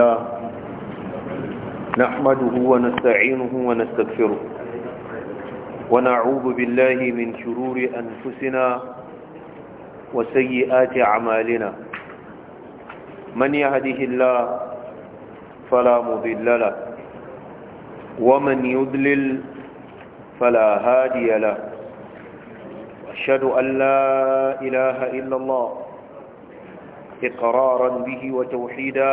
الله نحمده ونستعينه ونستغفره ونعوذ بالله من شرور أنفسنا وسيئات أعمالنا من يهده الله فلا مضل له ومن يضلل فلا هادي له أشهد أن لا إله إلا الله إقرارا به وتوحيدا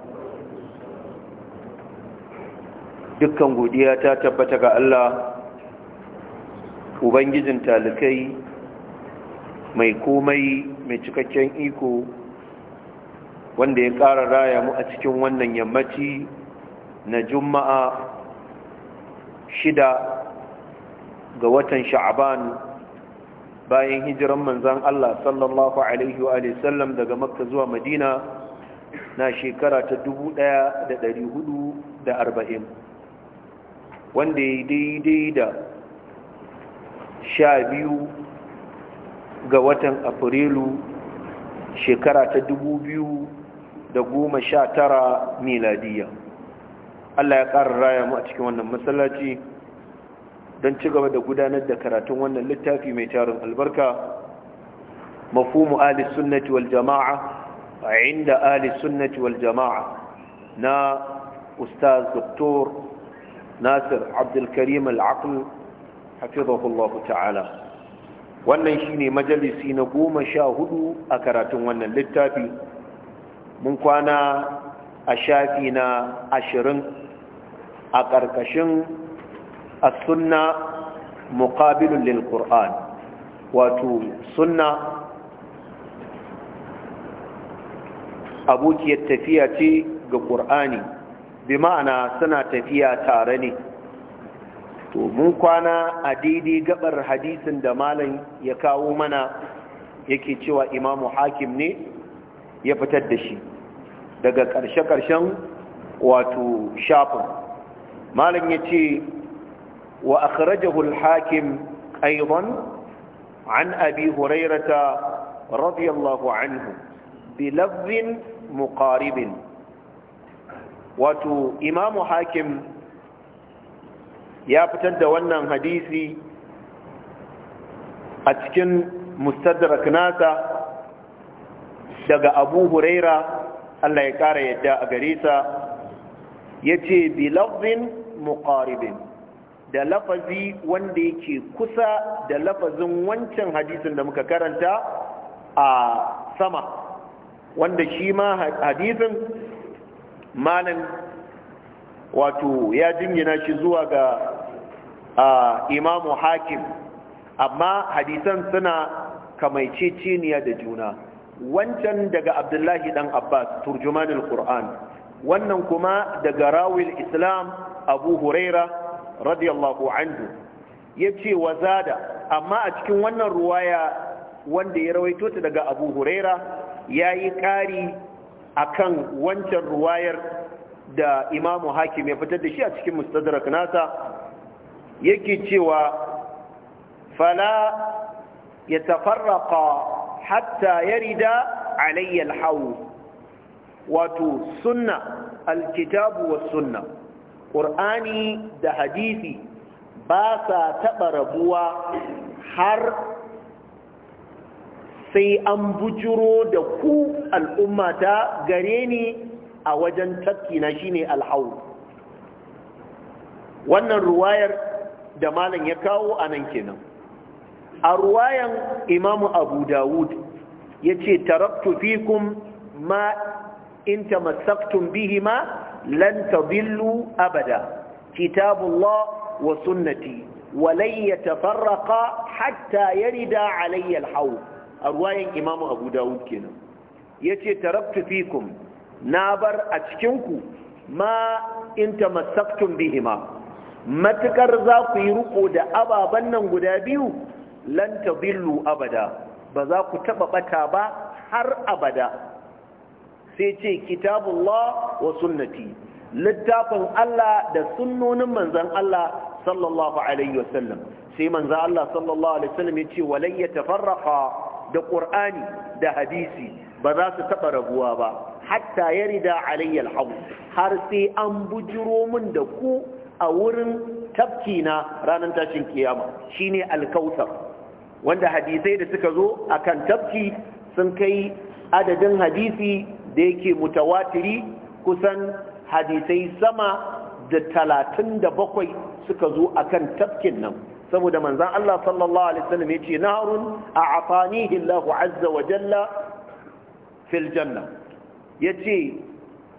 dukkan godiya ta tabbata ga Allah ubangijin talikai mai komai mai cikakken iko wanda ya ƙara raya mu a cikin wannan yammaci na juma'a shida ga watan sha'aban bayan hijiran manzan Allah sallallahu alaihi wa sallam daga makka zuwa madina na shekara ta arba'in. wanda ya daidai da sha biyu ga watan afrilu shekara ta dubu biyu da goma sha tara miladiya Allah ya ƙara raya mu a cikin wannan matsalaci don ci gaba da gudanar da karatun wannan littafi mai tarin albarka مفهوم آل a والجماعة Ali آل السنة jama'a na Ustaz Doktor. nasir abdulkarim al'aql hafizahullahu ta'ala wannan shine majalisi na goma sha hudu a karatun wannan littafi mun kwana a shafi na ashirin a ƙarƙashin a sunna muƙabilun lil wato sunna abokiyar tafiya ce ga ƙur'ani bi ma'ana suna tafiya tare ne to mun kwana a daidai gabar hadisin da malam ya kawo mana yake cewa imamu hakim ne ya fitar da shi daga ƙarshe-ƙarshen wato shafin malam ya ce wa akhrajahul hakim aiban an abi hurairata radiyallahu anhu bi lafzin muqaribin wato imamu hakim ya fitar da wannan hadisi a cikin mustadrak nasa daga abu huraira Allah ya ƙara yadda a gare sa ya ce bilafin muqaribin da lafazi wanda yake kusa da lafazin wancan hadisin da muka karanta a sama wanda shi ma hadisin malam wato ya jingina shi zuwa ga imamu hakim amma hadisan suna kamaiceceniya da juna wancan daga abdullahi dan abbas turjumanul qur'an wannan kuma daga rawil islam abu huraira radiyallahu anhu ya ce wa zada amma a cikin wannan ruwaya wanda ya rawaito ta daga abu huraira ya yi ƙari akan wancan ruwayar da imamu hakim ya fitar da shi a cikin mustadrak nasa yake cewa fala ya tafarraka hatta yarida alayya alhawl wato sunna alkitabu wa sunna qur'ani da hadisi ba sa taɓa rabuwa har sai an bujiro da ku al'umma ta gare ni a wajen tafki na shine alhau. wannan ruwayar da malam ya kawo a nan kenan a ruwayan imamu abu dawud ya ce taraktu fikum ma in tamassaktum bihi ma lan tadillu abada kitabullah wa sunnati ولن يتفرقا hatta yarida علي الحوض a ruwayan imamu abu dawud kenan ya ce tarabtu fikum na bar a cikinku ma in tamassaktum bihima matukar za ku yi riko da ababen nan guda biyu lan billu abada ba za ku taba bata ba har abada sai ce kitabullah wa sunnati littafin Allah da sunnonin manzan Allah sallallahu alaihi wasallam sai manzon Allah sallallahu alaihi wasallam ya ce walayya tafarraqa da ƙur'ani da hadisi ba za su taɓa rabuwa ba hatta ya rida alayyal hau har sai an bujiro min da ku a wurin tafki na ranar tashin kiyama shine alkautar wanda hadisai da suka zo akan tafki sun kai adadin hadisi da yake mutawatiri kusan hadisai sama da talatin da bakwai suka zo akan tafkin nan saboda manzan Allah sallallahu alaihi wasallam yace naharun a'atanihi Allah azza wa jalla fil janna yace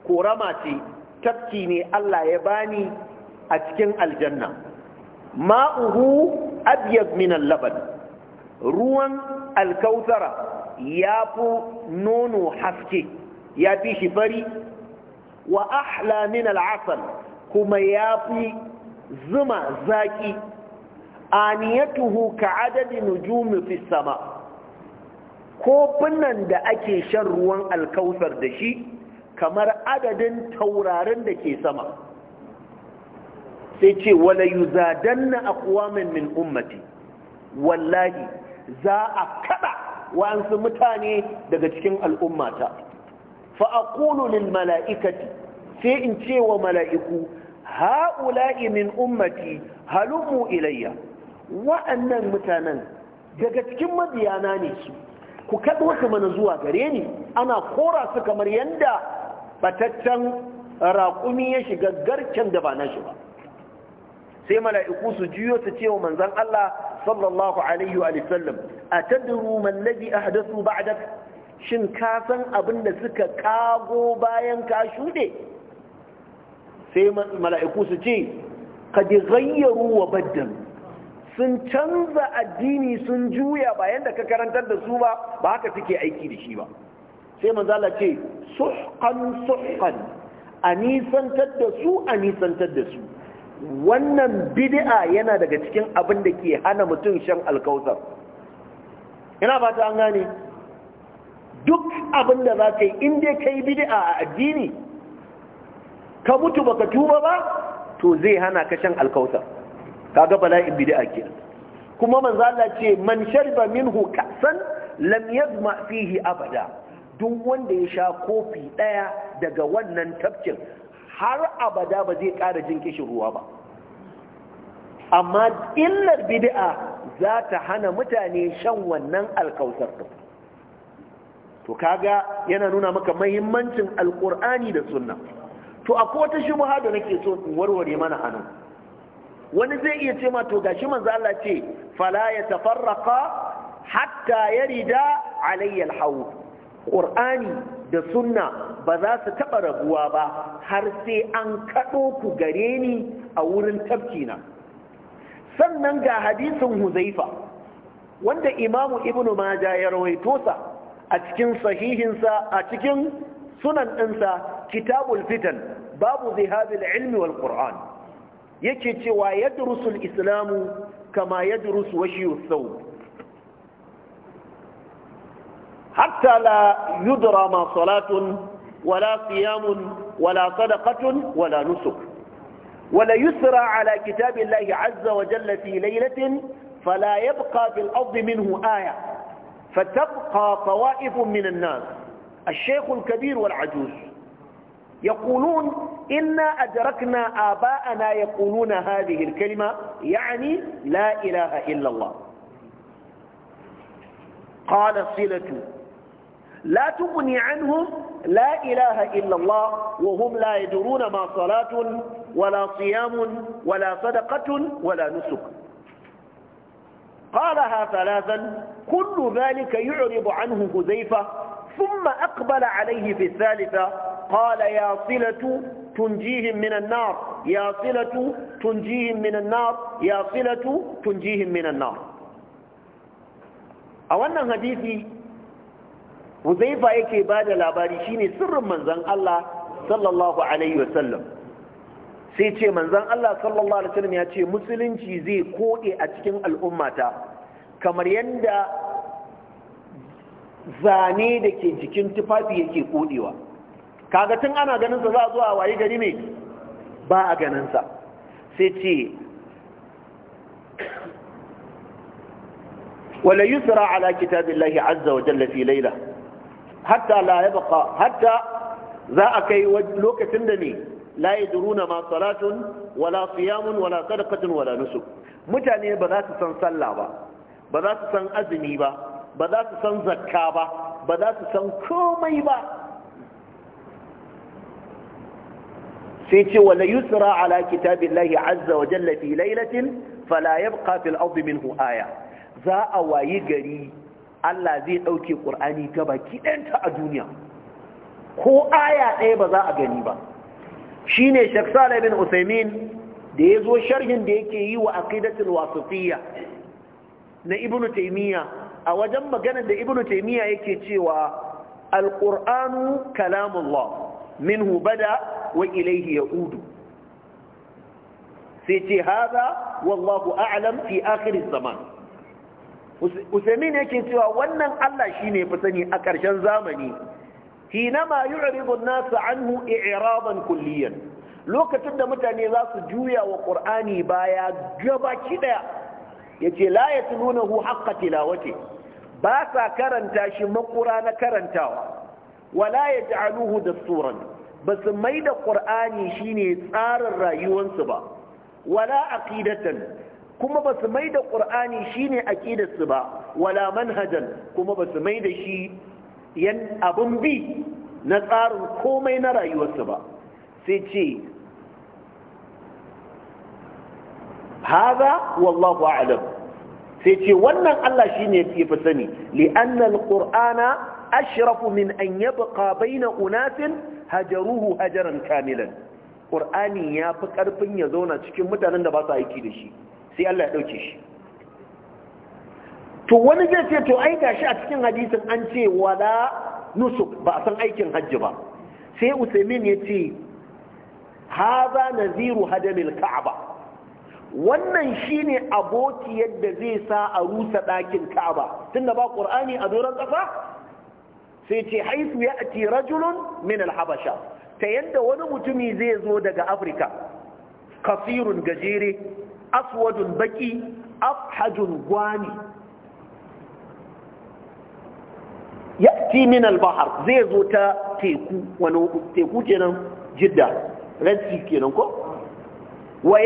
korama ce tafki ne Allah ya bani a cikin aljanna ma'uhu abyad min al-laban ruwan alkautara fi nono haske ya fi shi fari wa ahla min al-asal kuma fi zuma zaki aniyatuhu ka adadi nujumi fi sama kofunan da ake shan ruwan alkausar da shi kamar adadin taurarin da ke sama sai ce wala na aqwamin min ummati wallahi za a kada wa'ansu mutane daga cikin al'ummata fa Kulu lil mala'ikati sai in ce wa mala'iku ha'ula'i min ummati halumu ilayya wa'annan mutanen daga cikin mabiyana ne su ku kaɗo su mana zuwa gare ni ana kora su kamar yadda bataccen raƙumi ya shiga garken da ba na shi ba sai mala'iku su juyo su ce wa manzan Allah sallallahu alaihi wa sallam a tadru man ladhi ahdathu ba'dak shin ka san abin da suka kago bayan ka shuɗe sai mala'iku su ce qad ghayyaru wa baddalu sun canza addini sun juya bayan da ka karantar da su ba ba haka suke aiki da shi ba sai manzala ce suhqan suhqan a nisantar da su a nisantar da su wannan bid'a yana daga cikin abin da ke hana mutum shan alkautar ina ba ta an gane duk abin da za ka yi inda ka yi bid'a a addini ka mutu ba ka tuba ba to zai hana ka shan alkautar kaga bala'in bid'a ke. kuma manzo Allah ce man shariba minhu kasan lam yadma fihi abada duk wanda ya sha kofi daya daga wannan tafkin har abada ba zai ƙara jin kishin ruwa ba amma illar bid'a za ta hana mutane shan wannan alkausar to kaga yana nuna maka mahimmancin alkur'ani da sunna to akwai wata shubha da nake so in warware mana anan wani zai iya ce to gashi manzo Allah ce fala ya tafarraqa hatta yarida alayya alhawl qur'ani da sunna ba za su taba raguwa ba har sai an kado ku gare ni a wurin na sannan ga hadisin huzaifa wanda imamu ibnu maja ya rawaito sa a cikin sahihinsa a cikin sunan ɗinsa kitabul fitan babu zihabil ilmi wal yake cewa yadrusu al-islamu kama yadrusu washi thawb hatta la yudra ma salatun wala siyamun wala sadaqatun wala nusuk wala yusra ala على كتاب الله عز وجل في ليلة فلا يبقى في الأرض منه آية فتبقى طوائف من nas الشيخ الكبير والعجوز يقولون إنا أدركنا آباءنا يقولون هذه الكلمة يعني لا إله إلا الله قال صلة لا تغني عنهم لا إله إلا الله وهم لا يدرون ما صلاة ولا صيام ولا صدقة ولا نسك قالها ثلاثا كل ذلك يعرض عنه هزيفة ثم أقبل عليه في الثالثة قال يا صلة تنجيهم من النار يا صلة تنجيهم من النار يا صلة تنجيهم من النار a wannan hadisi huzaifa yake ba da labari shine sirrin manzon Allah sallallahu alaihi wasallam sai ce manzon Allah sallallahu alaihi wasallam ya ce musulunci zai kode a cikin al'ummata kamar yadda zane da ke jikin tufafi yake kodewa kaga tun ana ganin sa za a zo a wayi gari ne ba a ganin sa sai ce wala yusra ala kitabillahi azza wa jalla Laila. hatta la hatta za a kai lokacin da ne la yadruna ma salatun wala siyamun wala sadaqatun wala nusuk mutane ba za su san sallah ba ba za su san azumi ba ba za su san zakka ba ba za su san komai ba sai ce wala yusra ala kitabillahi azza wa jalla fi lailatin fala yabqa fil minhu aya za a wayi gari Allah zai dauke Qur'ani ta baki a duniya ko aya ɗaya ba za a gani ba shine Sheikh Saleh bin Uthaymeen da yazo sharhin da yake yi wa aqidatul wasitiyya na Ibn Taymiya. a wajen maganar da Ibn Taymiyyah yake cewa al-Qur'anu kalamullah minhu bada wa ilaihi yaudu sai ce haza wallahu a'lam fi akhir zaman usaimin yake cewa wannan Allah shine fi sani a ƙarshen zamani hinama yu'ridu an-nas anhu kulliyan lokacin da mutane za su juya wa qur'ani baya gabaki daya yace la yatlunahu haqqa tilawati ba sa karanta shi makura na karantawa wala ya da dasturan basu mai da qur'ani shine tsarin rayuwarsu ba wala aqidatan kuma basu mai da qur'ani shine aƙidarsu ba wala manhajan kuma basu mai da shi yan abun bi na tsarin komai na rayuwarsu ba sai ce haza wallahu a'lam sai ce wannan Allah shine ya fi sani li'anna qurana ashrafu min an yabqa baina unasin hajaruhu hajaran kamilan qur'ani yafi fi karfin ya zauna cikin mutanen da ba su da shi sai Allah ya dauke shi to wani zai ce to ai gashi a cikin hadisin an ce wala nusuk ba a san aikin hajji ba sai usaimin ya ce haza naziru hadamil ka'aba wannan shine aboki yadda zai sa a rusa ɗakin ka'aba tun tunda ba ƙur'ani a doron ƙasa sai ce haifu ya ati rajulun min alhabasha ta yadda wani mutumi zai zo daga afirka kafirun gajere aswadun baki afhajun gwani ya ti min albahar zai zo ta teku wani teku kenan jidda red sea kenan ko wa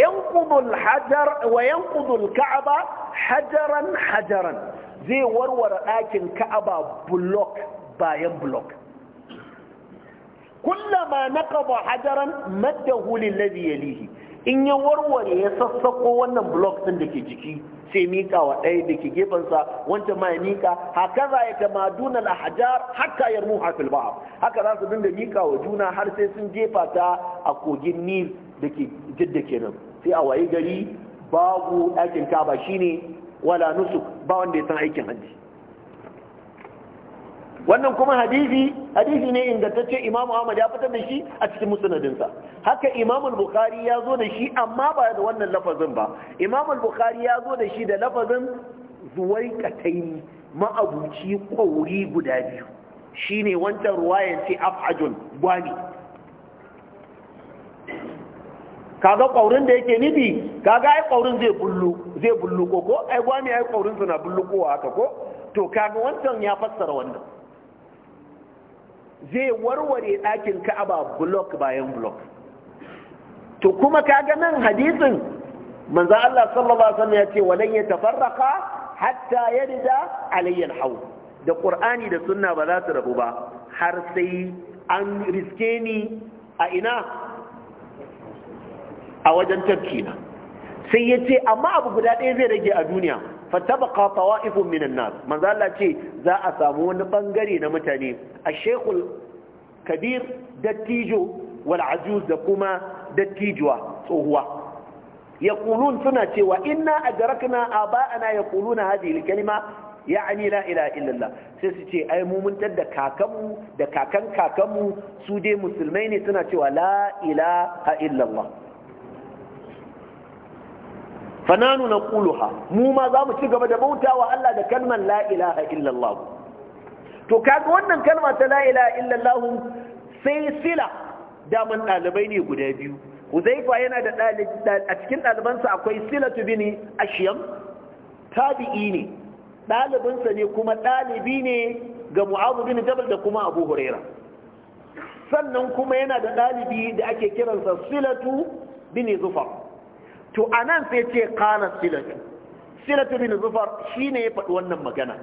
yanqudu kaaba hajaran hajaran zai warware ɗakin ka'aba block bayan block kullama naqada hadaran maddahu lillazi yalihi in ya warware ya sassako wannan block din da ke jiki sai mika wa ɗaya da ke gefensa wanda ma ya mika haka za ya kama duna hajar hatta ya ruha fil haka za su dinga mika wa juna har sai sun jefa ta a kogin nil da ke jidda kenan sai a waye gari babu aikin kaba shine wala nusuk ba wanda ya san aikin hajji wannan kuma hadisi hadisi ne ce imamu ahmad ya fitar da shi a cikin musnadinsa haka imamu bukhari ya zo da shi amma ba da wannan lafazin ba imamu bukhari ya zo da shi da lafazin zuwaikataini ma'abuci kwauri guda biyu shine wancan ruwayan ce afajun gwani kaga kwaurin da yake nufi kaga ai kwaurin zai bullu zai bullu ko ai gwani ai kwaurin suna bullukowa haka ko to kaga wancan ya fassara wannan zai warware ɗakin ka'aba block bayan block to kuma kaga nan hadisin manzo Allah sallallahu alaihi wasallam ya ce walan yatafarraqa hatta yarda alayya Hau. da qur'ani da sunna ba za su rabu ba har sai an riske ni a ina a wajen tafki na. sai ya ce amma abu guda ɗaya zai rage a duniya fatabaqa tawa'ifun minan nas manzo Allah ce za a samu wani bangare na mutane A shekul, kabir dattijo wal ajuz da kuma dattijuwa tsohuwa yaqulun suna cewa inna adrakna aba'ana yaquluna hadhihi kalima ya'ni la ilaha illallah sai su ce ai mu da kakanmu da kakan kakanmu su dai musulmai ne suna cewa la ilaha illallah fananu na kuluha mu ma za mu ci gaba da bautawa Allah da kalman la ilaha illallahu. to kaga wannan kalma ta la'ila ilaha illallahu sai sila daman ɗalibai ne guda biyu Huzaifa yana da a cikin ɗalibansa akwai silatu bini ashiyam tabi'i ne ɗalibinsa ne kuma ɗalibi ne ga mu'azu bin jabal da kuma abu huraira sannan kuma yana da ɗalibi da ake kiransa silatu bini zufar to anan sai ce qala silatu silatu bin zufar shine ya faɗi wannan magana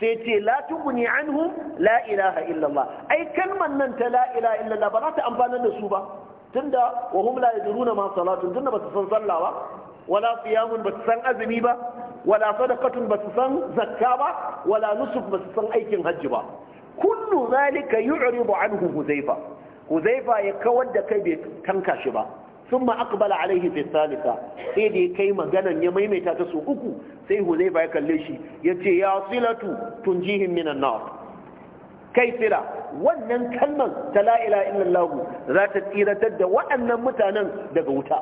sai ce la tuguni anhum la ilaha illallah ai kalman nan ta la ilaha illallah ba za ta amfana da su ba tunda wa hum la yadruna ma salatun tunda ba su san sallah ba wala siyamun ba su san azumi ba wala sadaqatun ba su san zakka ba wala nusuf ba su san aikin hajji ba kullu zalika yu'ridu anhu huzaifa huzaifa ya kawar da kai bai tanka shi ba sun ma akbala alaihi fi salisa sai da ya kai maganan ya maimaita ta su uku sai ba ya kalle shi ya ce ya silatu tunjihin minan nar kai sila wannan kalmar ta la illallah za ta tsiratar da waɗannan mutanen daga wuta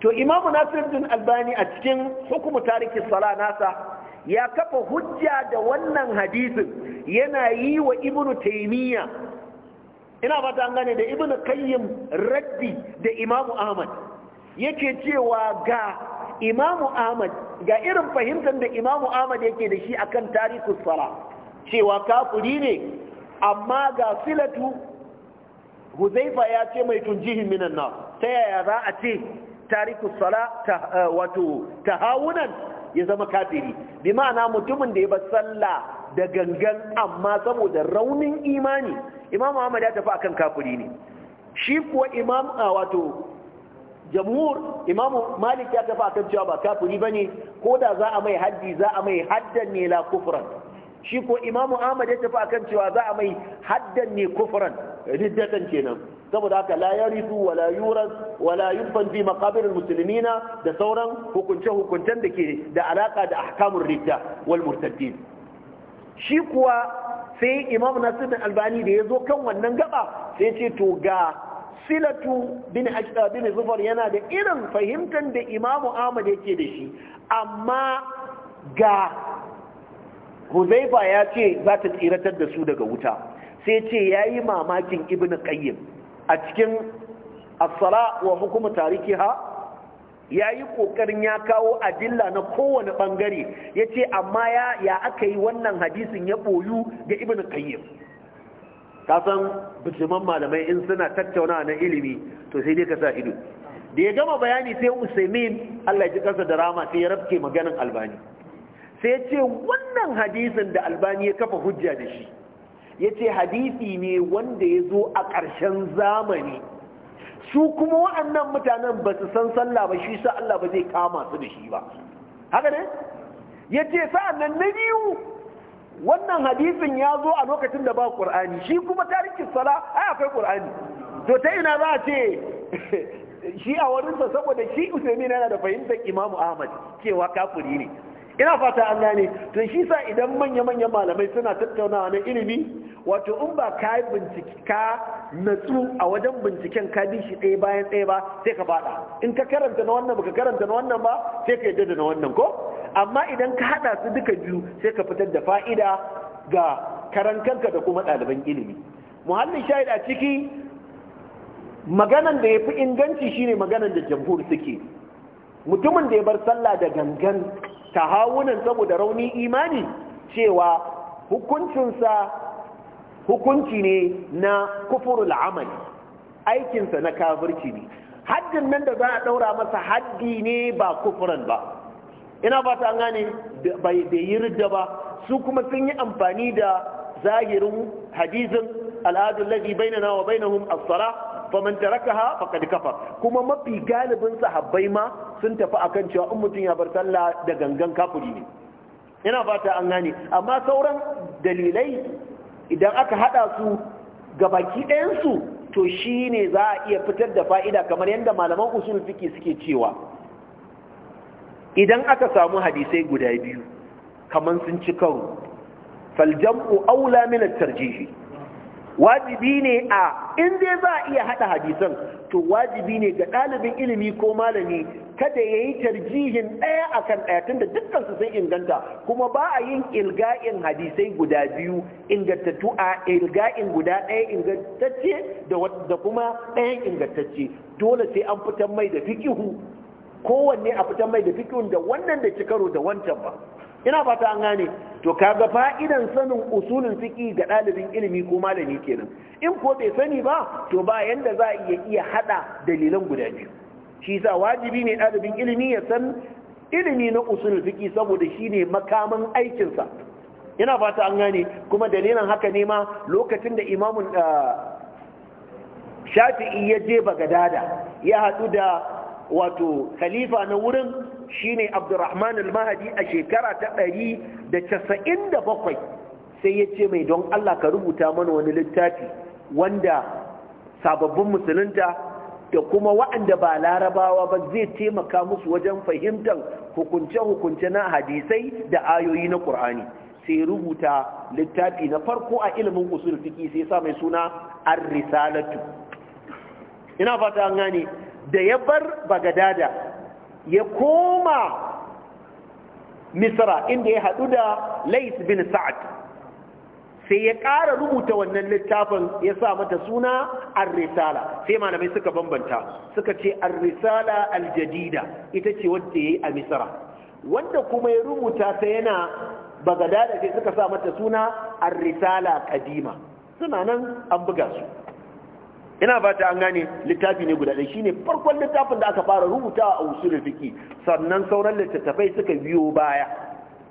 to imamu din albani a cikin hukumu tarikin sala nasa ya kafa hujja da wannan hadisin yana yi wa ibnu taimiyya ina fata an gane da ibn kayyim raddi da imamu ahmad yake cewa ga imamu ahmad ga irin fahimtar da imamu ahmad yake da shi akan tarikus sala cewa kafuri ne amma ga filatu, huzaifa ya ce mai tunjihin minan na ta yaya za a ce tarikus sala eh, wato tahawunan ya zama kafiri bi ma'ana mutumin da ya ba sallah da gangan amma saboda raunin imani imam ahmad ya tafi akan kafiri ne shi kuwa imam a wato jamhur imam malik ya tafi akan cewa ba kafiri ne? ko da za a mai haddi za a mai haddan ne la kufran shi ko ahmad ya tafi akan cewa za a mai haddan ne kufran riddatan kenan saboda haka la yarisu wala yuras wala yufan fi da sauran hukunce hukuncen da ke da alaka da ahkamur ridda wal murtaddin shi kuwa sai imam nasir bin albani da ya zo kan wannan gaba sai ce to ga silatu bin ashda bin zufar yana da irin fahimtar da imam ahmad yake da shi amma ga huzaifa ya ce za ta tsiratar da su daga wuta sai ce ya yi mamakin ibn qayyim a cikin as-sala wa hukumu tarikiha ya yi ƙoƙarin ya kawo adilla na kowane ɓangare ya ce amma ya aka yi wannan hadisin ya ɓoyu ga ibn ta san bijiman malamai in suna tattauna na ilimi to sai dai ka sa ido da ya gama bayani sai usaimin allah ya ji da rama sai ya rafke maganin albani sai ya ce wannan hadisin da albani ya kafa hujja da shi ya ce hadisi ne wanda ya zo a ƙarshen zamani su kuma wa'annan mutanen ba su san sallah ba shi sa Allah ba zai kama su da shi ba haka ne ya ce sa'an nan na biyu wannan hadisin ya zo a lokacin da ba ƙur'ani shi kuma tarikin sala ai akwai ƙur'ani to ta ina za a ce shi a wurinsa saboda shi usaimi yana da fahimtar imamu ahmad cewa kafuri ne ina fata an gane to shi sa idan manya manya malamai suna tattaunawa na ilimi wato in ba ka bincike ka natsu a wajen binciken ka bi shi ɗaya bayan ɗaya ba sai ka faɗa in ka karanta na wannan ba ka karanta na wannan ba sai ka yadda da na wannan ko amma idan ka haɗa su duka biyu sai ka fitar da fa'ida ga karan kanka da kuma ɗaliban ilimi muhallin shahid a ciki maganan da ya fi inganci shine maganan da jamhur suke mutumin da ya bar sallah da gangan tahawunan saboda rauni imani cewa hukuncinsa hukunci ne na kufurul amali aikinsa na kafirci ne haddin nan da za a ɗaura masa haddi ne ba kufuran ba ina ba ta gane bai yi ridda ba su kuma sun yi amfani da zahirin hadizin al'adun lafi bainana wa bainahum as-sala faman tarakaha faqad kafar kuma mafi galibin sahabbai ma sun tafi akan cewa in mutum ya bar sallah da gangan kafiri ne ina fata an gane amma sauran dalilai idan aka hada su ga ɗayan su to shine za a iya fitar da fa'ida kamar yadda malaman usul fiki suke cewa idan aka samu hadisai guda biyu kaman sun ci karo faljam'u aula min at tarjih wajibi ne a in dai za a iya hada hadisan to wajibi ne ga ɗalibin ilimi ko malami kada ya yi tarjihin ɗaya akan ɗaya tunda dukkan su sun inganta kuma ba a yin ilga'in hadisai guda biyu ingantattu a ilga'in guda ɗaya ingantacce da kuma ɗayan ingantacce dole sai an fitar mai da fikihu kowanne a fitar mai da fikihun da wannan da ci karo da wancan ba ina fata an gane to kaga fa'idan sanin usulin fiqi ga ɗalibin ilimi ko malami kenan in ko bai sani ba to ba yanda za a iya hada dalilan guda biyu shi yasa wajibi ne ɗalibin ilimi ya san ilimi na usulin fiqi saboda shine makaman aikinsa ina fata an gane kuma dalilin haka ne ma lokacin da imamun ah, shafi'i ya je bagadada ya haɗu da wato khalifa na wurin shine Abdurrahman al mahadi a shekara ta ɗari da da casa'in bakwai sai ya ce mai don Allah ka rubuta mana wani littafi wanda sababbin musulunta da kuma waɗanda ba larabawa ba zai taimaka musu wajen fahimtar hukunce-hukunce na hadisai da ayoyi na ƙur'ani sai rubuta littafi na farko a ilimin usul sai sa mai suna ar-risalatu ina fata an gane da ya bar bagadada ya koma misra inda ya haɗu da lais bin sa'ad sai ya ƙara rubuta wannan littafin ya sa mata suna arrisala sai malamai suka bambanta suka ce arrisala risala al-jadida ita ce wadda yayi a misra wanda kuma ya rubuta ta yana da sai suka sa mata suna arrisala kadima suna nan an buga su ina ba ta an gane littafi ne guda ɗaya shine farkon littafin da aka fara rubutawa a usulul fiqi sannan sauran littattafai suka biyo baya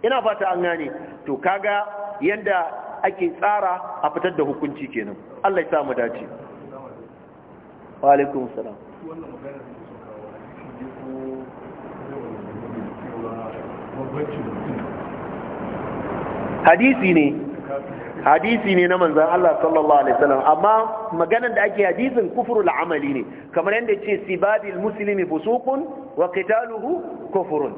ina ba ta an gane to kaga yanda ake tsara a fitar da hukunci kenan Allah ya sa mu dace wa alaikum salam hadisi ne hadisi ne na manzan Allah sallallahu alaihi wasallam amma maganar da ake hadisin kufrul amali ne kamar yadda ce sibabil muslimi fusuqun wa qitaluhu kufrun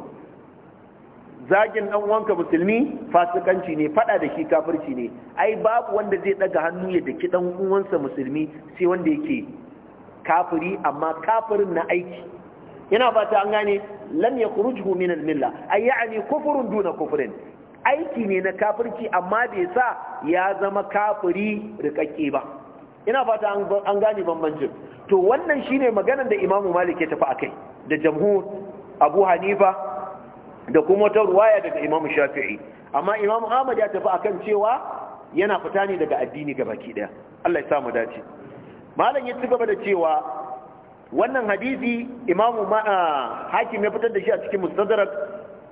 zagin dan uwanka musulmi fasikanci ne fada da shi kafirci ne ai babu wanda zai daga hannu ya daki dan uwansa musulmi sai wanda yake kafiri amma kafirin na aiki yana fata an gane lam yakhrujhu min al-milla ay ya'ni kufrun duna kufrin aiki ne na kafirki, amma bai sa ya zama kafiri rikakke ba ina fata an gane bambancin to wannan shine maganar da imamu malik ya tafi akai da jamhur abu hanifa da kuma ta ruwaya daga imamu shafi'i amma imamu ahmad ya tafi akan cewa yana fita ne daga addini ga baki daya Allah ya sa mu dace malam ya ci gaba da cewa wannan hadisi imamu ah, hakim ya fitar da shi a cikin mustadrak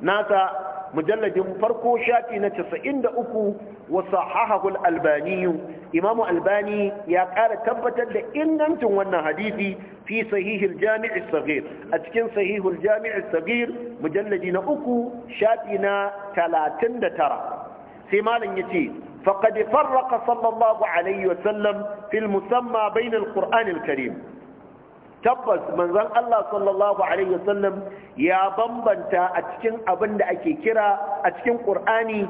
nasa mujalladin farko shafi na 93 wa sahahahu al-albani imamu albani ya ƙara tabbatar da ingancin wannan hadisi fi sahihil jami'i saghir a cikin sahihul jami'i saghir mujalladi na uku shafi na 39 sai malam yace faqad farraqa sallallahu alaihi wa sallam fil musamma bainal qur'anil karim tabbas manzon Allah sallallahu alaihi wasallam ya bambanta a cikin abin da ake kira a cikin Qur'ani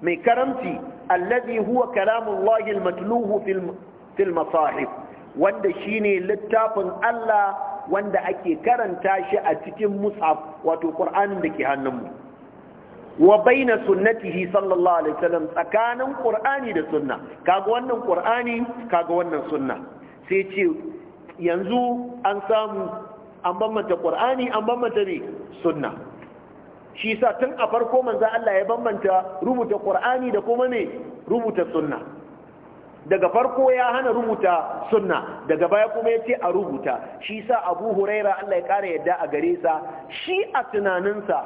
mai karamci alladhi huwa kalamullahi almatluhu fil fil masahif wanda shine littafin Allah wanda ake karanta shi a cikin mushaf wato Qur'anin da ke hannunmu wa baina sunnatihi sallallahu alaihi wasallam tsakanin Qur'ani da sunna kaga wannan Qur'ani kaga wannan sunna sai ce yanzu an samu an bambanta ƙwar'ani an bambanta ne sunna shi sa tun a farko manza Allah ya bambanta rubuta ƙwar'ani da kuma ne rubuta sunna daga farko ya hana rubuta sunna daga baya kuma ya ce a rubuta shi sa abu huraira Allah ya ƙara yadda a gare sa shi a tunaninsa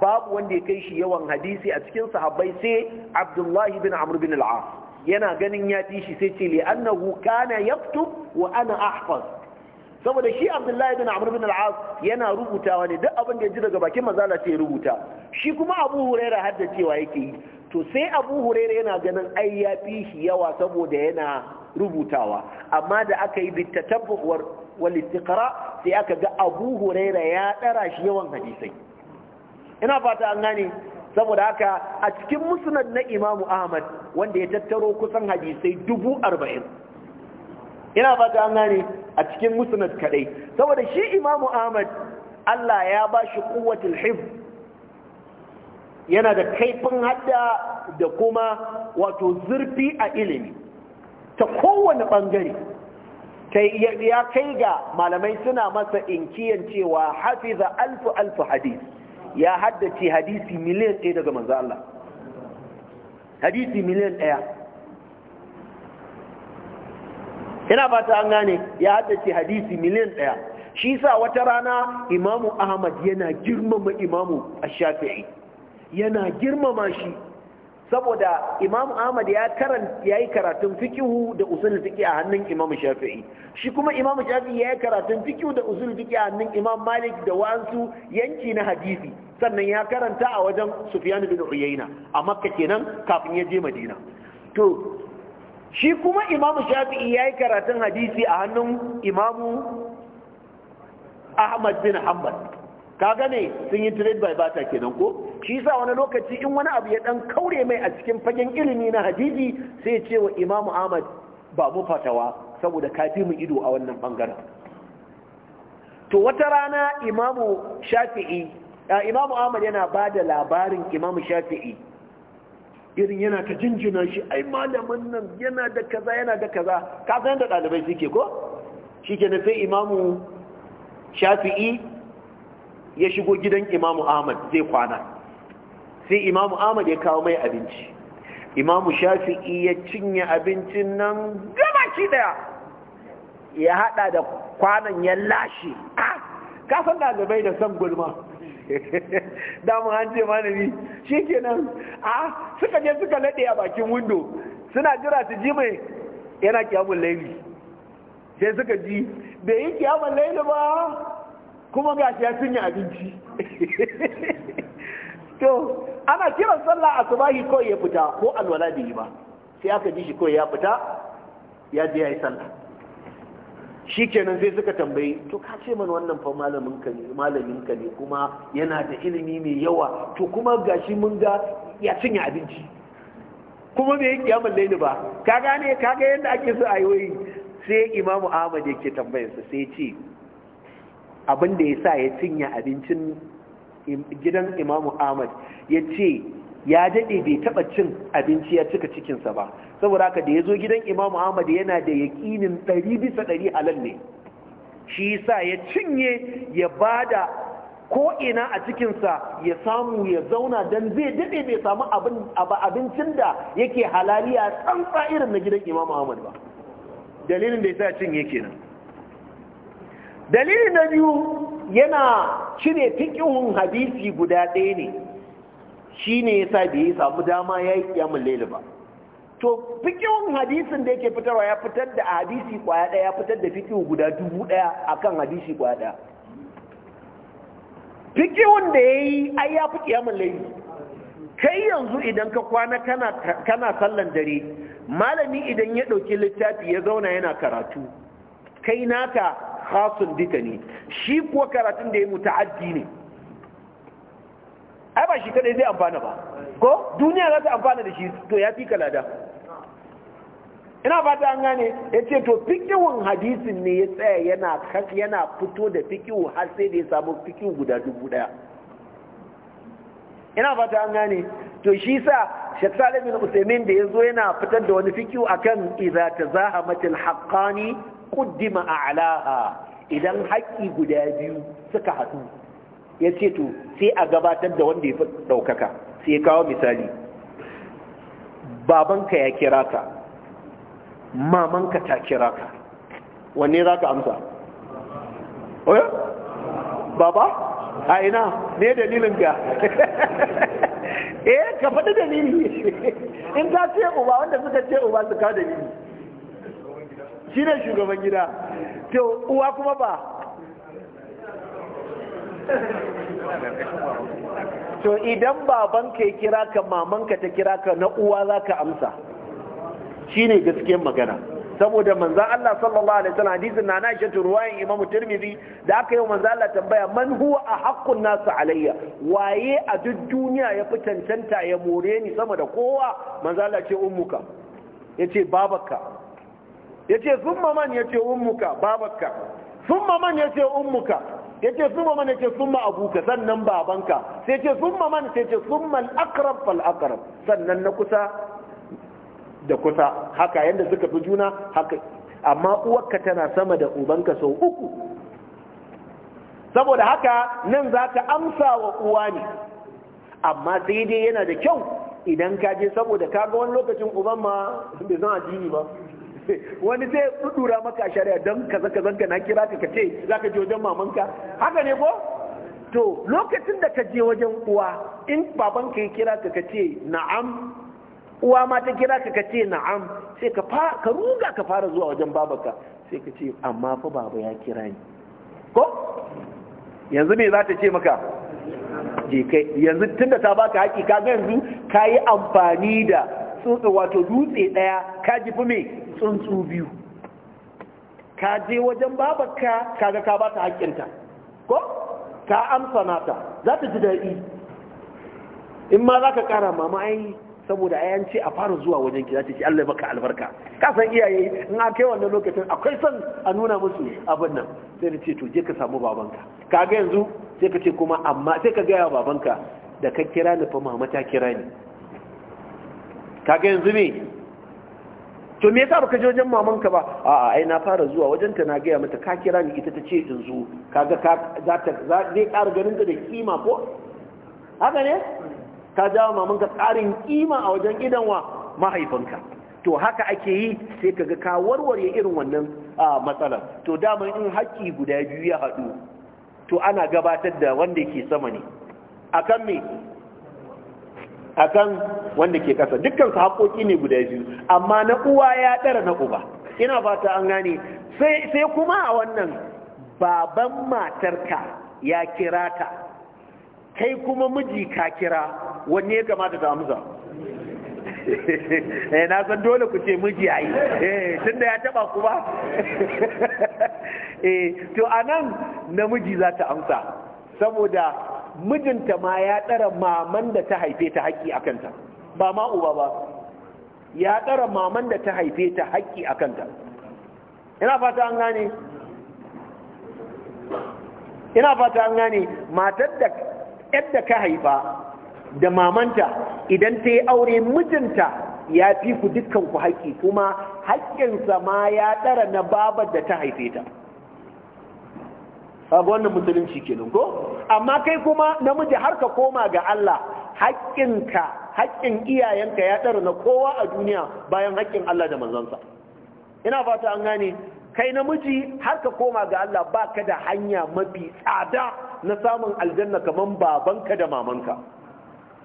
babu wanda ya kai shi yawan hadisi a cikin sahabbai sai abdullahi bin amr bin al'as yana ganin ya fi shi sai ce li annahu kana yaktub wa ana ahfaz saboda shi abdullahi bin amr bin al-as yana rubutawa ne duk abin da ya ji daga bakin mazala sai rubuta shi kuma abu huraira hadda cewa yake yi to sai abu huraira yana ganin ai ya fi shi yawa saboda yana rubutawa amma da aka yi bittatabbuwar wal istiqra sai aka ga abu huraira ya dara shi yawan hadisai ina fata an gane saboda haka a cikin musnad na imamu ahmad wanda ya tattaro kusan hadisai dubu arba'in ina ba an gane a cikin musnad kadai saboda shi imamu ahmad allah ya ba shi kuwatul hif yana da kaifin hadda da kuma wato zurfi a ilimi ta kowane bangare ya kai ga malamai suna masa inkiyan cewa hafiza alfu alfu hadis ya haddace hadisi miliyan ɗaya daga manzo Allah hadisi miliyan ɗaya ina fata an gane ya haddace hadisi miliyan ɗaya shi sa wata rana imamu ahmad yana girmama imamu a shafi'i yana girmama shi saboda imamu ahmad ya karan ya yi karatun fikihu da usul fiqi a hannun imamu shafi'i shi kuma imamu shafi'i ya yi karatun fikihu da usul fiqi a hannun imam malik da wasu yanki na hadisi sannan ya karanta a wajen sufyan bin uyayna a makka kenan kafin ya je madina to shi kuma imamu shafi'i ya yi karatun hadisi a hannun imamu ahmad bin hanbal ka gane sun yi trade by Bata kenan ko shi yasa wani lokaci in wani abu ya dan kaure mai a cikin fagen ilimi na Hadizi? sai ya ce wa Imam Ahmad ba mu fatawa saboda ka mu ido a wannan bangaren to wata rana Imam Shafi'i Imam Ahmad yana ba da labarin Imam Shafi'i irin yana ta jinjina shi ai malamin nan yana da kaza yana da kaza ka san da ɗalibai suke ko shikenan sai Imam Shafi'i ya shigo gidan imamu ahmad zai kwana sai imamu ahmad ya kawo mai abinci imamu shafi'i ya cinye abincin nan gaba ki daya ya hada da kwanan ya lashe ah, kasan dalibai da san gulma damu an ce malami shi kenan a ah, suka je suka laɗe a bakin windo suna jira su ji mai yana kyamun laili sai suka ji bai yi kyamun laili ba kuma ga shi ya cinye abinci to ana kiran sallah a asubahi ko ya fita ko alwala da yi ba sai aka ji shi ko ya fita ya je ya yi sallah shi kenan sai suka tambayi to ka ce mana wannan fa malamin ka ne kuma yana da ilimi mai yawa to kuma ga shi mun ga ya cinye abinci kuma bai yake kiyamar laili ba ka gane ka ga yadda ake so ayoyi sai imamu ahmad yake tambayarsa sai ce abin da ya sa ya cinye abincin gidan imamu ahmad ya ce ya daɗe bai taɓa cin abinci ya cika cikinsa ba saboda haka da ya zo gidan Imam ahmad yana da yaƙinin ɗari bisa ɗari halal ne shi sa ya cinye ya ba da ko'ina a cikinsa ya samu ya zauna don zai daɗe bai samu abincin da yake halaliya tsantsa irin na gidan Imam ahmad ba dalilin da ya sa cinye kenan dalili na biyu yana cire fikihun hadisi guda ɗaya ne shi ne ya sa da ya samu dama ya yi kiyamun laili ba to fikihun hadisin da yake fitarwa ya fitar da hadisi kwaya ɗaya ya fitar da fikihu guda dubu ɗaya a kan hadisi kwaya ɗaya fikihun da ya yi ai ya fi kiyamun laili kai yanzu idan ka kwana kana sallan dare malami idan ya ɗauki littafi ya zauna yana karatu kai naka khasun ne shi kuwa karatun da ya muta'addi ne ai ba shi kadai zai amfana ba ko duniya za ta amfana da shi to ya fi kalada ina fata an gane ya ce to fikihun hadisin ne ya tsaya yana yana fito da fikihu har sai da ya samu fikihu guda dubu daya ina fata an gane to shi sa Sheikh Salim bin Uthaymeen da zo yana fitar da wani fikihu akan idza tazahamatil haqqani kuddima a'laha idan haƙƙi guda biyu suka haɗu ya ce to sai a gabatar da wanda ya fi ɗaukaka sai ya kawo misali babanka ya kira ka mamanka ta kira ka wanne za ka amsa oya baba a ina ne dalilin ga eh ka faɗi dalili in ta ce uba wanda suka ce uba su ka dalili shi ne shugaban gida to uwa kuma ba to idan babanka ya kira ka mamanka ta kira ka na uwa za ka amsa shi ne gaskiyar magana saboda manzan Allah sallallahu alaihi wasallam hadisin na na shatu ruwayan imamu tirmidhi da aka yi manzan Allah tambaya man huwa a haƙƙun nasu alayya waye a duk duniya ya fi cancanta ya more ni sama da kowa manzan Allah ce ummuka yace babaka ya ce sun maman ya ce ummuka babarka sun maman ya ce ummuka ya ce sun maman ya ce sun ma abuka sannan babanka sai ce sun man sai ce sun mal akrab fal akrab sannan na kusa da kusa haka yadda suka fi juna haka amma uwarka tana sama da ubanka sau uku saboda haka nan za ka amsa wa uwa ne amma sai dai yana da kyau idan kaje saboda kaga wani lokacin uban ma bai san addini ba wani zai tsudura maka a shari'a don kaza kazanka na kira ka kace ka je wajen mamanka haka ne ko to lokacin da ka je wajen uwa in babanka ya kira ka kace na'am uwa ma ta kira ka kace na'am sai ka fara ka ruga ka fara zuwa wajen babanka sai ka ce amma fa baba ya kira ni ko yanzu me za ta ce maka je kai yanzu tunda ta baka haƙi ka ga yanzu ka yi amfani da tsuntsu wato dutse ɗaya ka jifi mai tsuntsu biyu ka je wajen babarka kaga ka ba ta haƙƙinta ko ka amsa nata za ta ji daɗi in ma za ka ƙara mama ai saboda ayanci a fara zuwa wajen ki za ta ce Allah maka albarka ka san iyaye in a kai wannan lokacin akwai son a nuna musu abin nan sai ta ce to je ka samu babanka kaga yanzu sai ka ce kuma amma sai ka gaya babanka da ka kira ni fa mama ta kira ni kaga yanzu me to me yasa baka je wajen mamanka ba a ai na fara zuwa wajen ta na gaya mata ka kira ni ita ta ce in zo kaga ka za ta zai ƙara ganin ka da kima ko haka ne ka jawo mamanka karin kima a wajen gidan wa mahaifinka to haka ake yi sai kaga ka warware irin wannan matsalar to dama in haƙƙi guda biyu ya haɗu to ana gabatar da wanda ke sama ne akan me akan wanda ke kasa dukkan su haƙoƙi ne guda biyu amma na uwa ya ɗara na uba ina fata an gane sai kuma a wannan baban matarka ya kira ta kai kuma miji ka kira wanne ya kamata ta amsa eh na san dole ku ce miji yayi eh tunda ya taba ku ba eh to anan namiji za ta amsa saboda mijinta ma ya ɗara maman da ta haife ta haƙƙi a kanta ba ma uba ba ya ɗara maman da ta haife ta haƙƙi a kanta ina fata an gane ina fata an gane matar da yadda ka haifa da mamanta idan ta yi aure mijinta ya fi ku dukkan ku haƙƙi kuma haƙƙinsa ma ya ɗara na babar da ta haife ta abu wannan musulunci kenan ko amma kai kuma namiji har ka koma ga Allah haƙƙinka haƙƙin iyayenka ya tsara na kowa a duniya bayan haƙƙin Allah da manzansa ina fata an gane kai namiji har ka koma ga Allah baka da hanya mafi tsada na samun aljanna kaman babanka da mamanka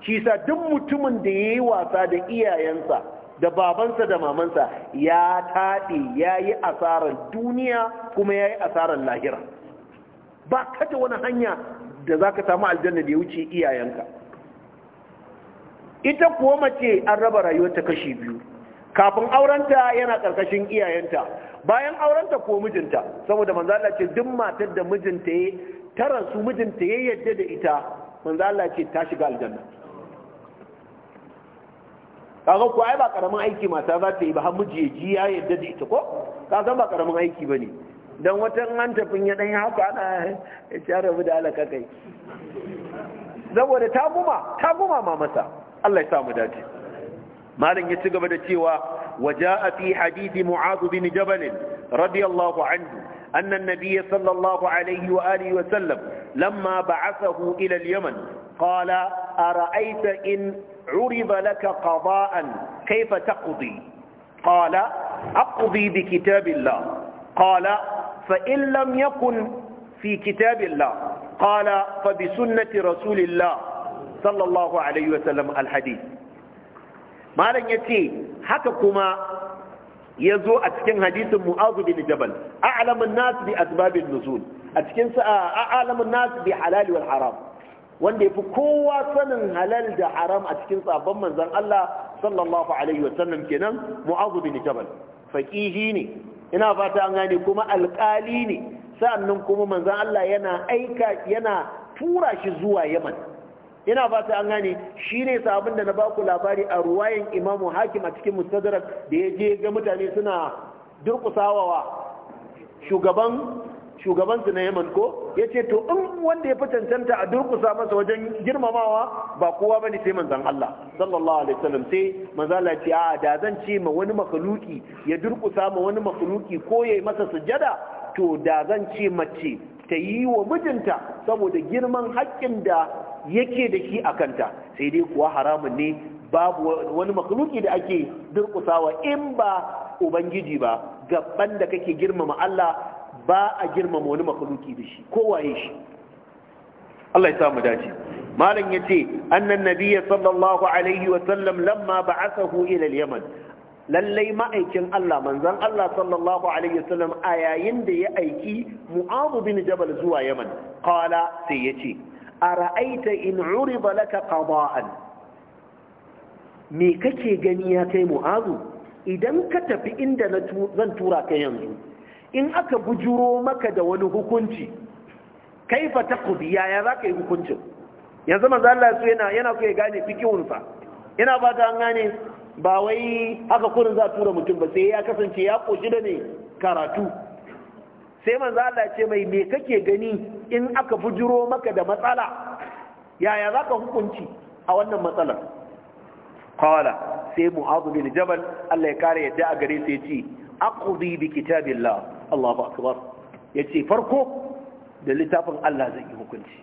shi sa duk mutumin da yayi wasa da iyayensa da babansa da mamansa ya taɗe ya yi asarar duniya kuma ya yi asarar lahira ba ka da wani hanya da za ka samu aljanna da ya wuce iyayenka ita kuwa mace an raba rayuwarta kashi biyu kafin aurenta yana karkashin iyayenta bayan aurenta ko mijinta saboda manzo Allah ce duk matar da mijinta ya tara su mijinta ya yadda da ita manzo Allah ce ta shiga aljanna kaga ko ai ba karamin aiki mata za ta yi ba har miji ya ji ya yadda da ita ko kaga ba karamin aiki bane Dan watan an tafi ya haka ana ya ci rabu da alaka kai ta guma ta guma ma masa allai samu dace ya ci gaba da cewa waje a fi hadithi mu'adu bin jabalin radiyallahu anhu annan nabiya sallallahu alaihi wa alihi wasallam lamma ba'athahu ila al-yaman a ara'aita in uriba laka qada'an kayfa taqdi qala aqdi bi kitabilla. qala فإن لم يكن في كتاب الله قال فبسنة رسول الله صلى الله عليه وسلم الحديث ما لن يتي حككما يزوء أتكين حديث معاذ بن جبل أعلم الناس بأسباب النزول أتكين أعلم الناس بحلال والحرام wanda ya fi kowa sanin halal da haram a cikin sabon manzon Allah sallallahu alaihi wasallam kenan mu'azu bin jabal faqihi ne ina fata an gane kuma alƙali ne sa'annan kuma manzan Allah yana aika yana tura shi zuwa yaman ina fata an gane shi ne sabon da na baku labari a ruwayan imamu hakim a cikin mustadrak da ya je ga mutane suna durƙusawa shugaban shugabansu na yaman ko ya ce to in wanda ya fi cancanta a durkusa masa wajen girmamawa ba kowa bane sai manzan Allah sallallahu alaihi wasallam sai manzan Allah ce a da zan ce ma wani makhluki ya durkusa ma wani makhluki ko yayi masa sujada to da zan ce mace ta yi wa mijinta saboda girman haƙƙin da yake da shi a kanta sai dai kuwa haramun ne babu wani makhluki da ake durkusawa in ba ubangiji ba gaban da kake girmama Allah ba a girmama wani makuluki da shi kowaye shi Allah ya samu dace malam yace annan nabiyya sallallahu alaihi wa sallam lamma ba'athahu ila al-yaman lallai ma'aikin Allah manzon Allah sallallahu alaihi wa sallam a yayin da ya aiki Mu'adh bin Jabal zuwa Yaman qala sai yace ara'aita in urida laka qada'an me kake gani ya kai Mu'adh idan ka tafi inda na zan tura ka yanzu in aka bujuro maka da wani hukunci kaifa ya yaya zaka yi hukuncin yanzu manzo Allah su yana yana so ya gane fikihun sa ina ba ta gane ba wai haka kurin za tura mutum ba sai ya kasance ya koshi da ne karatu sai manzo Allah ce mai me kake gani in aka bujuro maka da matsala yaya zaka hukunci a wannan matsalar qala sai mu'adh jabal Allah ya kare yadda a gare sai ya ce aqdi bi kitabillah Allahu ya ce farko da littafin Allah zai yi hukunci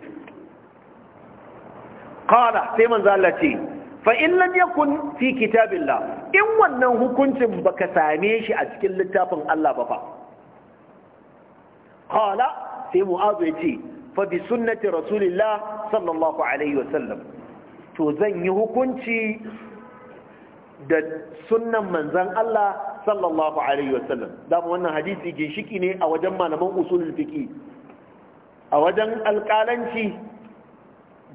qala sai manza Allah ce fa in lam kun fi kitabillah in wannan hukuncin ba ka same shi a cikin littafin Allah ba fa qala sai mu'azu ya ce fa bi sunnati rasulillah sallallahu alaihi wasallam to zan yi hukunci da sunan manzan Allah sallallahu alaihi wasallam dama wannan hadisi ginshiki ne a wajen malaman usulul fiqi a wajen alƙalanci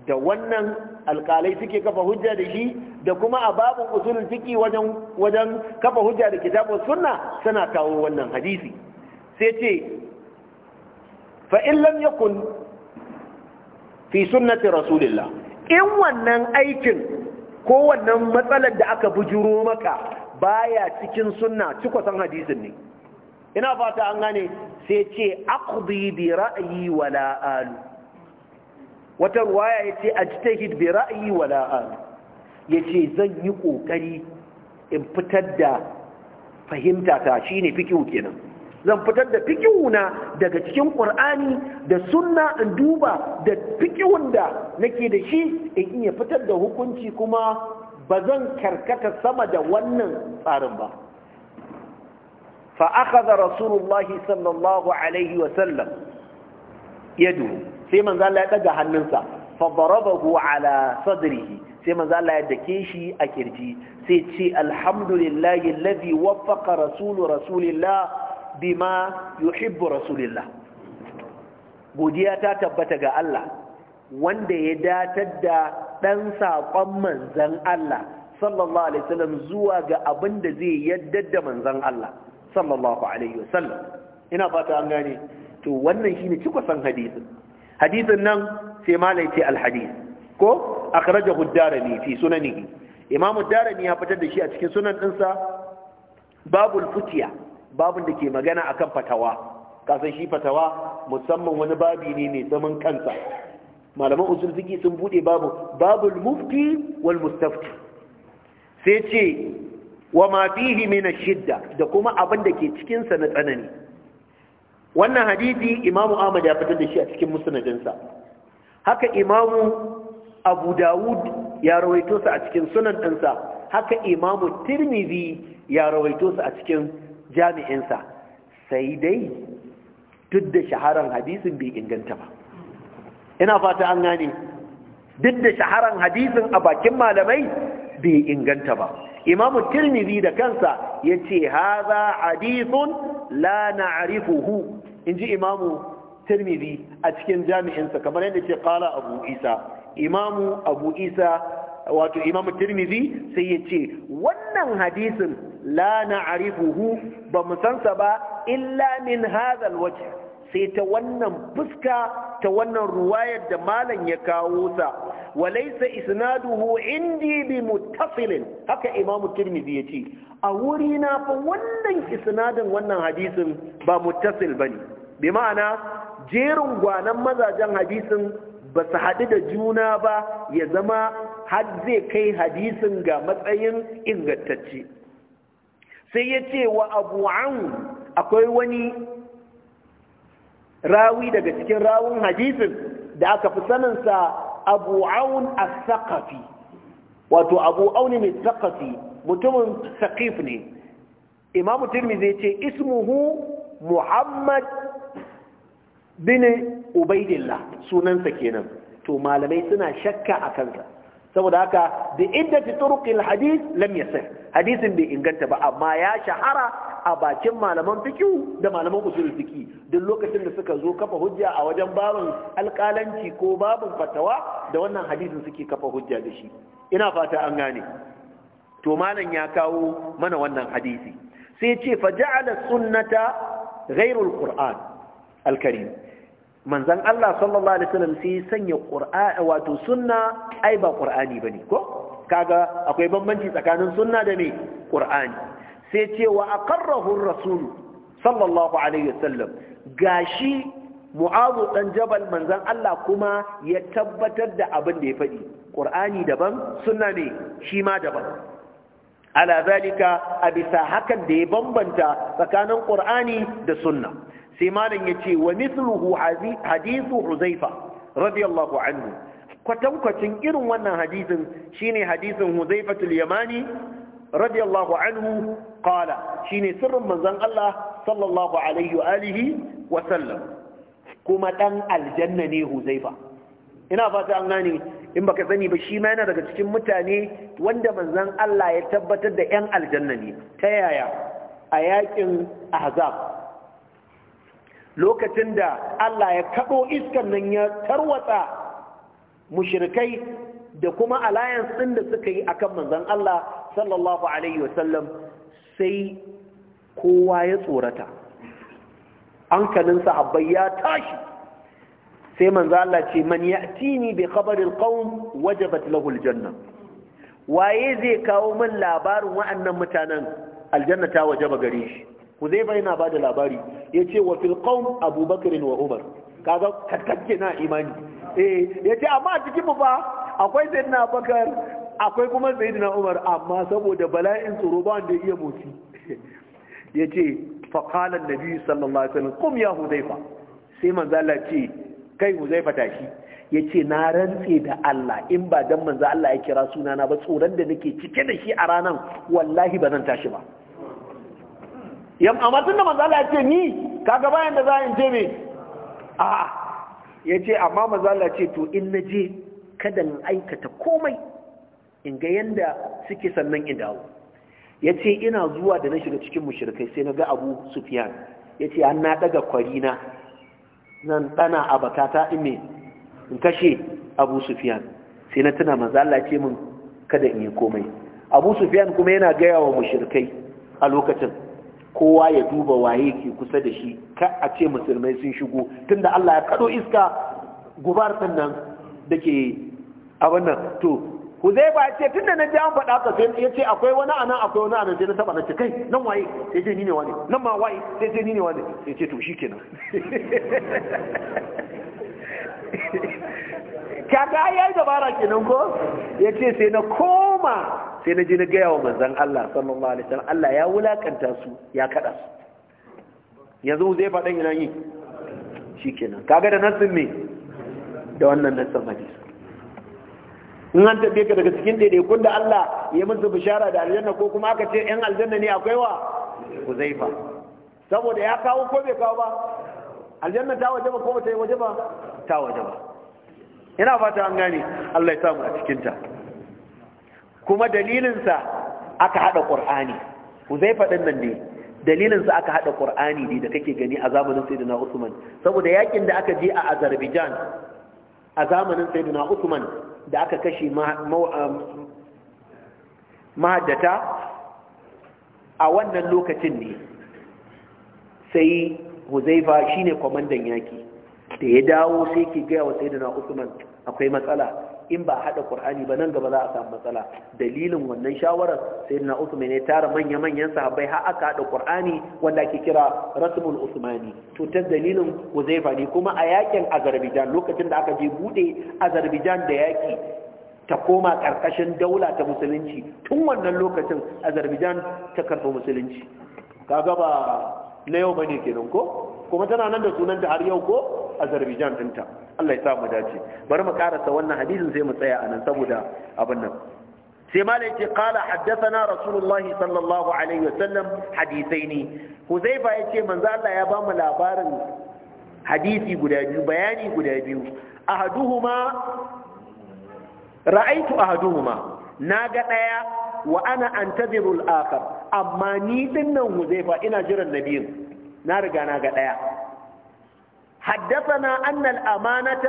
da wannan alƙalai suke kafa hujja da shi da kuma a babin usulul fiqi wajen wajen kafa hujja da kitabu sunna suna kawo wannan hadisi sai ce fa in lam yakun fi sunnati rasulillah in wannan aikin ko wannan matsalar da aka bujuro maka baya cikin sunna cikwasan hadisin ne ina fata an gane sai ce aqdi bi ra'yi wala alu wata ruwaya yace ajtahid bi ra'yi wala alu yace zan yi kokari in fitar da fahimta ta shine fikihu kenan zan fitar da na daga cikin qur'ani da sunna in duba da fikihun da nake da shi in iya fitar da hukunci kuma ba zan karkata sama da wannan tsarin ba fa akhadha rasulullahi sallallahu alaihi wa sallam yadu sai manzo Allah ya daga hannunsa fa ala sadrihi sai manzo Allah ya dake shi a kirji sai ce alhamdulillahi alladhi waffaka rasulu rasulillah bima yuhibbu rasulillah godiya ta tabbata ga Allah wanda ya datar da ɗan saƙon manzan Allah sallallahu alaihi wasallam zuwa ga abin da zai yadda da manzan Allah sallallahu alaihi wasallam ina fata an gane to wannan shine san hadisin hadisin nan sai malai ce alhadis ko akhrajahu ad-darimi fi sunanihi imamu ad-darimi ya fitar da shi a cikin sunan dinsa babul futiya babun da ke magana akan fatawa kasan shi fatawa musamman wani babi ne mai zaman kansa malaman usul fiqi sun bude babu babul mufti wal mustafti sai ce wa ma fihi min ash-shidda da kuma abin da ke cikin sa na tsanani wannan hadisi imamu ahmad ya fitar da shi a cikin musnadin sa haka imamu abu dawud ya rawaito sa a cikin sunan ɗinsa haka imamu tirmidhi ya rawaito sa a cikin jami'insa sai dai duk da shaharar hadisin bai inganta ba ina fata an gane duk da shaharan hadisin a bakin malamai bai inganta ba imamu tirmidhi da kansa ya ce haza hadithun la na'rifuhu in ji imamu tirmidhi a cikin jami'insa kamar yadda ce kala abu isa imamu abu isa wato imamu tirmidhi sai ya ce wannan hadisin la na'rifuhu ba mu sansa ba illa min hadha wajh sai ta wannan fuska ta wannan ruwayar da malam ya kawo sa walaysa isnaduhu indi bi muttasilin haka imam tirmidhi ce. a wuri na fa wannan isnadin wannan hadisin ba muttasil bane bi ma'ana jerin gwanan mazajen hadisin ba su haɗu da juna ba ya zama har zai kai hadisin ga matsayin ingantacce sai ya ce wa abu akwai wani rawi daga cikin rawun hadisin da aka fi saninsa abu aun as-saqafi wato abu aun mai saqafi mutumin saqif ne imam tirmidhi ce ismuhu muhammad bin ubaidillah sunansa kenan to malamai suna shakka a kansa saboda haka da idda turuqil hadith lam yasih hadisin bai inganta ba amma ya shahara a bakin malaman fikihu da malaman usul fiki duk lokacin da suka zo kafa hujja a wajen babin alkalanci ko babin fatawa da wannan hadisin suke kafa hujja da shi ina fata an gane to malam ya kawo mana wannan hadisi sai ce fa ja'ala sunnata ghairul qur'an alkarim manzon Allah sallallahu alaihi wasallam sai sanya qur'ani wato sunna ai ba qur'ani bane ko kaga akwai bambanci tsakanin sunna da me qur'ani sai ce wa aqarrahu rasul sallallahu alaihi wasallam gashi mu'azu dan jabal manzon Allah kuma ya tabbatar da abin da ya faɗi qur'ani daban suna ne shi ma daban ala zalika a bisa hakan da ya bambanta tsakanin qur'ani da sunna sai malam ce wa mithluhu hadithu huzaifa radiyallahu anhu kwatankwacin irin wannan hadisin shine hadisin huzaifatul yamani radiyallahu anhu qala shine sirrin manzon Allah sallallahu alaihi wa sallam kuma dan aljanna ne huzaifa ina fata an gane in baka sani ba shi ma yana daga cikin mutane wanda manzon Allah ya tabbatar da yan aljanna ne ta yaya a yakin ahzab lokacin da Allah ya kado iskar nan ya tarwatsa mushrikai da kuma alliance ɗin da suka yi akan manzon Allah sallallahu alaihi sai kowa ya tsorata hankalin sahabbai ya tashi sai manzo Allah ce man ya'tini bi khabaril qaum wajabat lahu aljanna waye zai kawo min labarin wa'annan mutanen aljanna ta wajaba gare shi Huzaifa yana ba da labari yace wa fil qaum Abubakar wa Umar kaga kakkace na imani eh yace amma a cikin mu fa akwai sayyidina akwai kuma na umar amma saboda bala'in tsoro ba wanda iya motsi Ya ce qala an biyu sallallahu alaihi kum ya huzaifa sai Manzala Allah ce kai shi. tashi ce na rantse da Allah in ba don manza Allah ya kira sunana ba tsoron da nake cike da shi a ranan wallahi ba zan tashi ba amma tun da manza Allah ya ce ni kaga bayan da za in je me a ce amma manza Allah ce to in na je kada in aikata komai in ga yadda suke sannan in dawo ya ce ina zuwa da na shiga cikin mushrikai sai na ga abu sufiyan ya ce an na daga kwarina nan ɗana a bakata ime in kashe abu sufiyan sai na tuna maza Allah ce min kada in yi komai abu sufiyan kuma yana gaya wa mushrikai a lokacin kowa ya duba waye ke kusa da shi ka a ce musulmai sun shigo tunda Allah ya kado iska gubar sannan da ke a wannan to zai ba ce tunda na ji an faɗa ka sai ya ce akwai wani anan akwai wani anan sai na taba na ce kai nan waye sai ce ni ne wani nan ma waye sai ce ni ne wani sai ce to shikenan kaga ya yi dabara kenan ko ya ce sai na koma sai na ji na gaya wa manzan Allah sallallahu alaihi wasallam Allah ya wulakanta su ya kada su yanzu zai faɗan ina yi shikenan kaga da nasin me da wannan nasin hadisi in an tabe ka daga cikin kun da Allah ya musu bishara da aljanna ko kuma aka ce yan aljanna ne akwai wa huzaifa saboda ya kawo ko bai kawo ba aljanna ta waje ba ko ta waje ba ta waje ba ina fata an gane Allah ya samu a cikinta. kuma dalilinsa aka hada qur'ani huzaifa din nan ne dalilinsa aka haɗa qur'ani ne da kake gani a zamanin sayyidina Usman saboda yakin da aka je a Azerbaijan a zamanin sayyidina Usman da aka kashe um, mahaddata a wannan lokacin ne sai huzaifa ne kwamandan yaki da ya dawo sai ke gaya wa sai da na usman akwai matsala in ba hada qur'ani ba nan gaba za a samu matsala dalilin wannan shawarar na usman ya tara manya manyan sahabbai har aka hada qur'ani wanda ake kira rasmul usmani to ta dalilin huzaifa ne kuma a yakin azerbaijan lokacin da aka je bude azerbaijan da yaki ta koma karkashin daula ta musulunci tun wannan lokacin azerbaijan ta karɓi musulunci kaga ba na yau bane kenan ko kuma tana nan da sunanta har yau ko azerbaijan dinta Allah ya sa mu dace bari mu karasa wannan hadisin sai mu tsaya anan saboda abin nan sai malai ce qala haddathana rasulullahi sallallahu alaihi wasallam hadithaini huzaifa yace manzo Allah ya bamu labarin hadisi guda biyu bayani guda biyu ahaduhuma ra'aitu ahaduhuma naga daya wa ana antaziru al-akhar amma ni dinnan huzaifa ina jiran nabiyin na riga na ga daya حدثنا أن الأمانة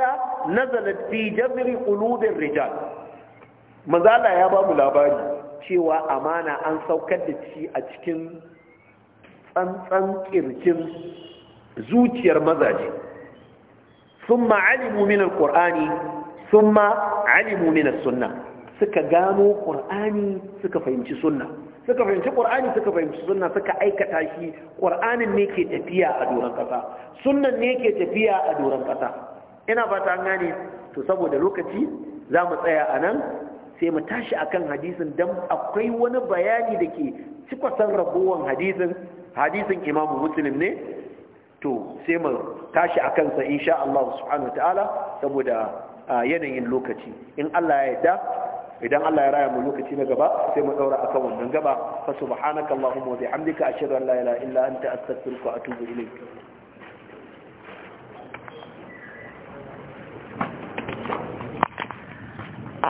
نزلت في جذر قلوب الرجال مازال يا باب الأباني cewa amana an saukar da ciki a cikin tsantsan kirkin zuciyar mazaje ثم علموا من القرآن ثم علموا من السنة suka gano ƙur'ani suka fahimci sunna suka fahimci ƙur'ani suka fahimci sunna suka aikata shi ƙwar'anin ne ke tafiya a doron ƙasa sunnan ne ke tafiya a doron ƙasa ina fata an gane to saboda lokaci za mu tsaya a nan sai mu tashi akan hadisin don akwai wani bayani da ke cikwasan rabuwan hadisin hadisin imamu muslim ne to sai mu tashi a kansa insha Allah subhanahu ta'ala saboda yanayin lokaci in Allah ya yarda idan Allah ya raya mu lokaci na gaba sai mu daura akan wannan gaba fa subhanakallahumma wa bihamdika ashhadu an la ilaha illa anta astaghfiruka wa atubu ilayk